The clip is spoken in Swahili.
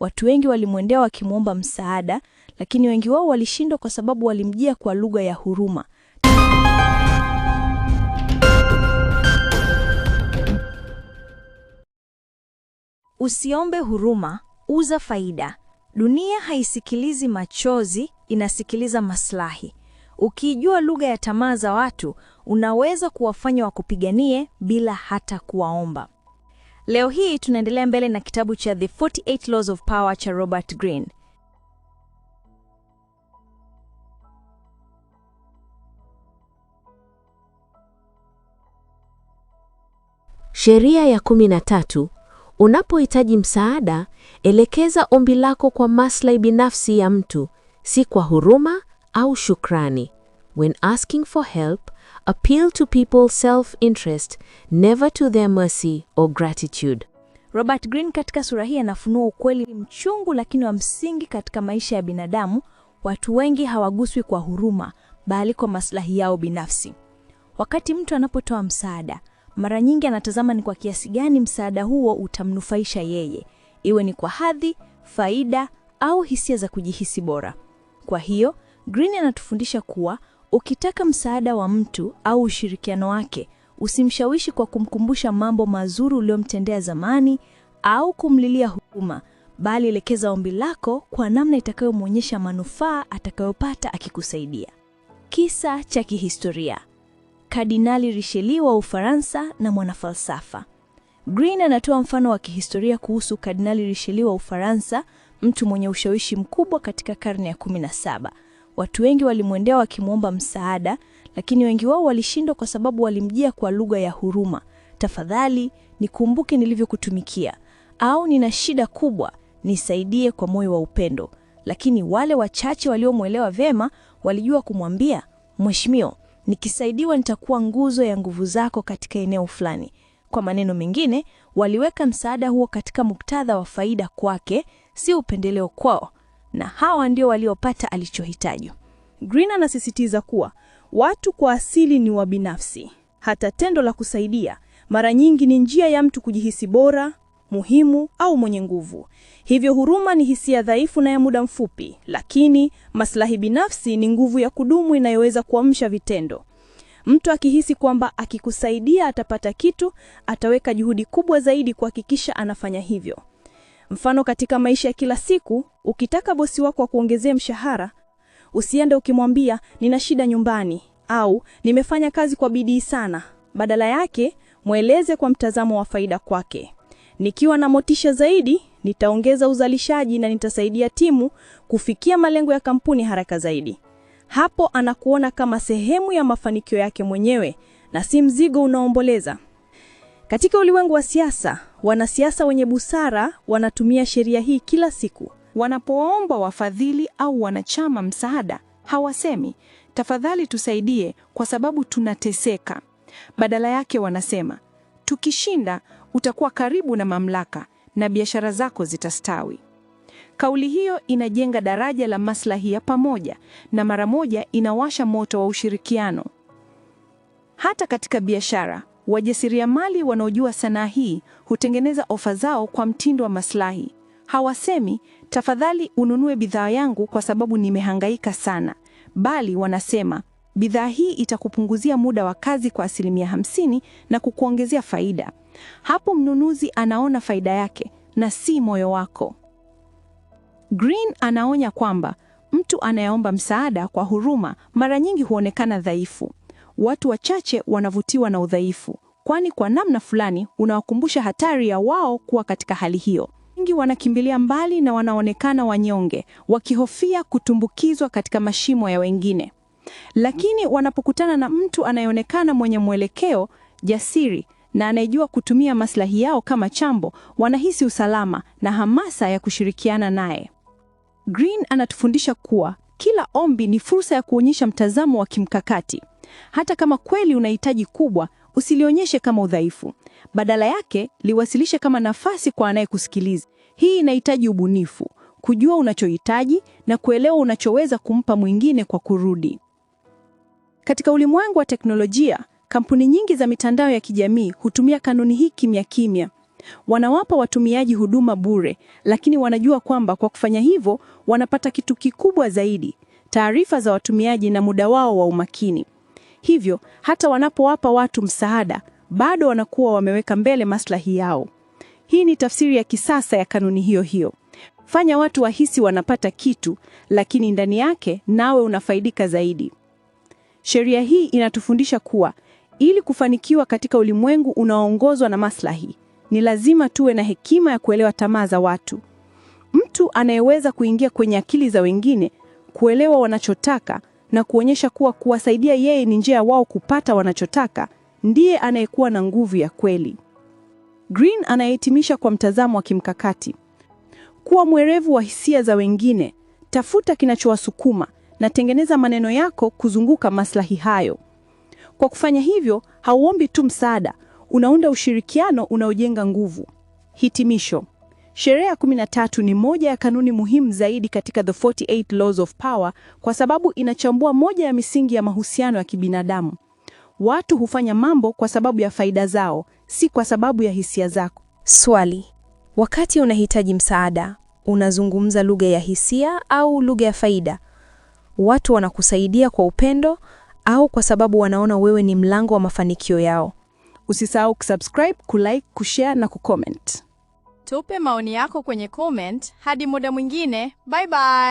Watu wengi walimwendea wakimwomba msaada, lakini wengi wao walishindwa kwa sababu walimjia kwa lugha ya huruma. Usiombe huruma, uza faida. Dunia haisikilizi machozi, inasikiliza maslahi. Ukijua lugha ya tamaa za watu, unaweza kuwafanya wakupiganie bila hata kuwaomba. Leo hii tunaendelea mbele na kitabu cha The 48 Laws of Power cha Robert Greene. Sheria ya 13: unapohitaji msaada, elekeza ombi lako kwa maslahi binafsi ya mtu, si kwa huruma au shukrani. When asking for help, appeal to people's self-interest, never to their mercy or gratitude. Robert Greene katika sura hii anafunua ukweli mchungu lakini wa msingi katika maisha ya binadamu. Watu wengi hawaguswi kwa huruma, bali kwa maslahi yao binafsi. Wakati mtu anapotoa msaada, mara nyingi anatazama ni kwa kiasi gani msaada huo utamnufaisha yeye, iwe ni kwa hadhi, faida au hisia za kujihisi bora. Kwa hiyo, Greene anatufundisha kuwa Ukitaka msaada wa mtu au ushirikiano wake, usimshawishi kwa kumkumbusha mambo mazuri uliyomtendea zamani au kumlilia huruma, bali elekeza ombi lako kwa namna itakayomwonyesha manufaa atakayopata akikusaidia. Kisa cha kihistoria. Kardinali Richelieu wa Ufaransa na mwanafalsafa Green anatoa mfano wa kihistoria kuhusu Kardinali Richelieu wa Ufaransa, mtu mwenye ushawishi mkubwa katika karne ya 17 Watu wengi walimwendea wakimwomba msaada, lakini wengi wao walishindwa kwa sababu walimjia kwa lugha ya huruma: tafadhali nikumbuke nilivyokutumikia, au nina shida kubwa, nisaidie, kwa moyo wa upendo. Lakini wale wachache waliomwelewa vyema walijua kumwambia, mheshimiwa, nikisaidiwa nitakuwa nguzo ya nguvu zako katika eneo fulani. Kwa maneno mengine, waliweka msaada huo katika muktadha wa faida kwake, si upendeleo kwao na hawa ndio waliopata alichohitaji. Green anasisitiza kuwa watu kwa asili ni wabinafsi. Hata tendo la kusaidia mara nyingi ni njia ya mtu kujihisi bora, muhimu au mwenye nguvu. Hivyo huruma ni hisia dhaifu na ya muda mfupi, lakini maslahi binafsi ni nguvu ya kudumu inayoweza kuamsha vitendo. Mtu akihisi kwamba akikusaidia atapata kitu, ataweka juhudi kubwa zaidi kuhakikisha anafanya hivyo. Mfano, katika maisha ya kila siku, ukitaka bosi wako akuongezee mshahara, usiende ukimwambia nina shida nyumbani au nimefanya kazi kwa bidii sana. Badala yake, mweleze kwa mtazamo wa faida kwake. Nikiwa na motisha zaidi, nitaongeza uzalishaji na nitasaidia timu kufikia malengo ya kampuni haraka zaidi. Hapo anakuona kama sehemu ya mafanikio yake mwenyewe na si mzigo unaomboleza. Katika ulimwengu wa siasa, wanasiasa wenye busara wanatumia sheria hii kila siku. Wanapoomba wafadhili au wanachama msaada, hawasemi tafadhali tusaidie kwa sababu tunateseka. Badala yake wanasema tukishinda utakuwa karibu na mamlaka na biashara zako zitastawi. Kauli hiyo inajenga daraja la maslahi ya pamoja na mara moja inawasha moto wa ushirikiano. Hata katika biashara, Wajasiriamali wanaojua sanaa hii hutengeneza ofa zao kwa mtindo wa maslahi. Hawasemi tafadhali ununue bidhaa yangu kwa sababu nimehangaika sana, bali wanasema bidhaa hii itakupunguzia muda wa kazi kwa asilimia hamsini na kukuongezea faida. Hapo mnunuzi anaona faida yake na si moyo wako. Green anaonya kwamba mtu anayeomba msaada kwa huruma mara nyingi huonekana dhaifu watu wachache wanavutiwa na udhaifu, kwani kwa namna fulani unawakumbusha hatari ya wao kuwa katika hali hiyo. Wengi wanakimbilia mbali na wanaonekana wanyonge, wakihofia kutumbukizwa katika mashimo ya wengine. Lakini wanapokutana na mtu anayeonekana mwenye mwelekeo, jasiri na anayejua kutumia maslahi yao kama chambo, wanahisi usalama na hamasa ya kushirikiana naye. Green anatufundisha kuwa kila ombi ni fursa ya kuonyesha mtazamo wa kimkakati. Hata kama kweli unahitaji kubwa, usilionyeshe kama udhaifu. Badala yake, liwasilishe kama nafasi kwa anayekusikiliza. Hii inahitaji ubunifu, kujua unachohitaji na kuelewa unachoweza kumpa mwingine kwa kurudi. Katika ulimwengu wa teknolojia, kampuni nyingi za mitandao ya kijamii hutumia kanuni hii kimya kimya. Wanawapa watumiaji huduma bure, lakini wanajua kwamba kwa kufanya hivyo wanapata kitu kikubwa zaidi, taarifa za watumiaji na muda wao wa umakini. Hivyo hata wanapowapa watu msaada, bado wanakuwa wameweka mbele maslahi yao. Hii ni tafsiri ya kisasa ya kanuni hiyo hiyo. Fanya watu wahisi wanapata kitu, lakini ndani yake nawe unafaidika zaidi. Sheria hii inatufundisha kuwa ili kufanikiwa katika ulimwengu unaoongozwa na maslahi, ni lazima tuwe na hekima ya kuelewa tamaa za watu. Mtu anayeweza kuingia kwenye akili za wengine, kuelewa wanachotaka na kuonyesha kuwa kuwasaidia yeye ni njia ya wao kupata wanachotaka, ndiye anayekuwa na nguvu ya kweli. Green anayehitimisha kwa mtazamo wa kimkakati: kuwa mwerevu wa hisia za wengine, tafuta kinachowasukuma na tengeneza maneno yako kuzunguka maslahi hayo. Kwa kufanya hivyo, hauombi tu msaada, unaunda ushirikiano unaojenga nguvu. Hitimisho. Sheria ya 13 ni moja ya kanuni muhimu zaidi katika The 48 Laws of Power kwa sababu inachambua moja ya misingi ya mahusiano ya kibinadamu. Watu hufanya mambo kwa sababu ya faida zao, si kwa sababu ya hisia zako. Swali: wakati unahitaji msaada, unazungumza lugha ya hisia au lugha ya faida? Watu wanakusaidia kwa upendo au kwa sababu wanaona wewe ni mlango wa mafanikio yao? Usisahau kusubscribe, kulike, kushare na kucomment. Tupe maoni yako kwenye comment. Hadi muda mwingine, bye bye.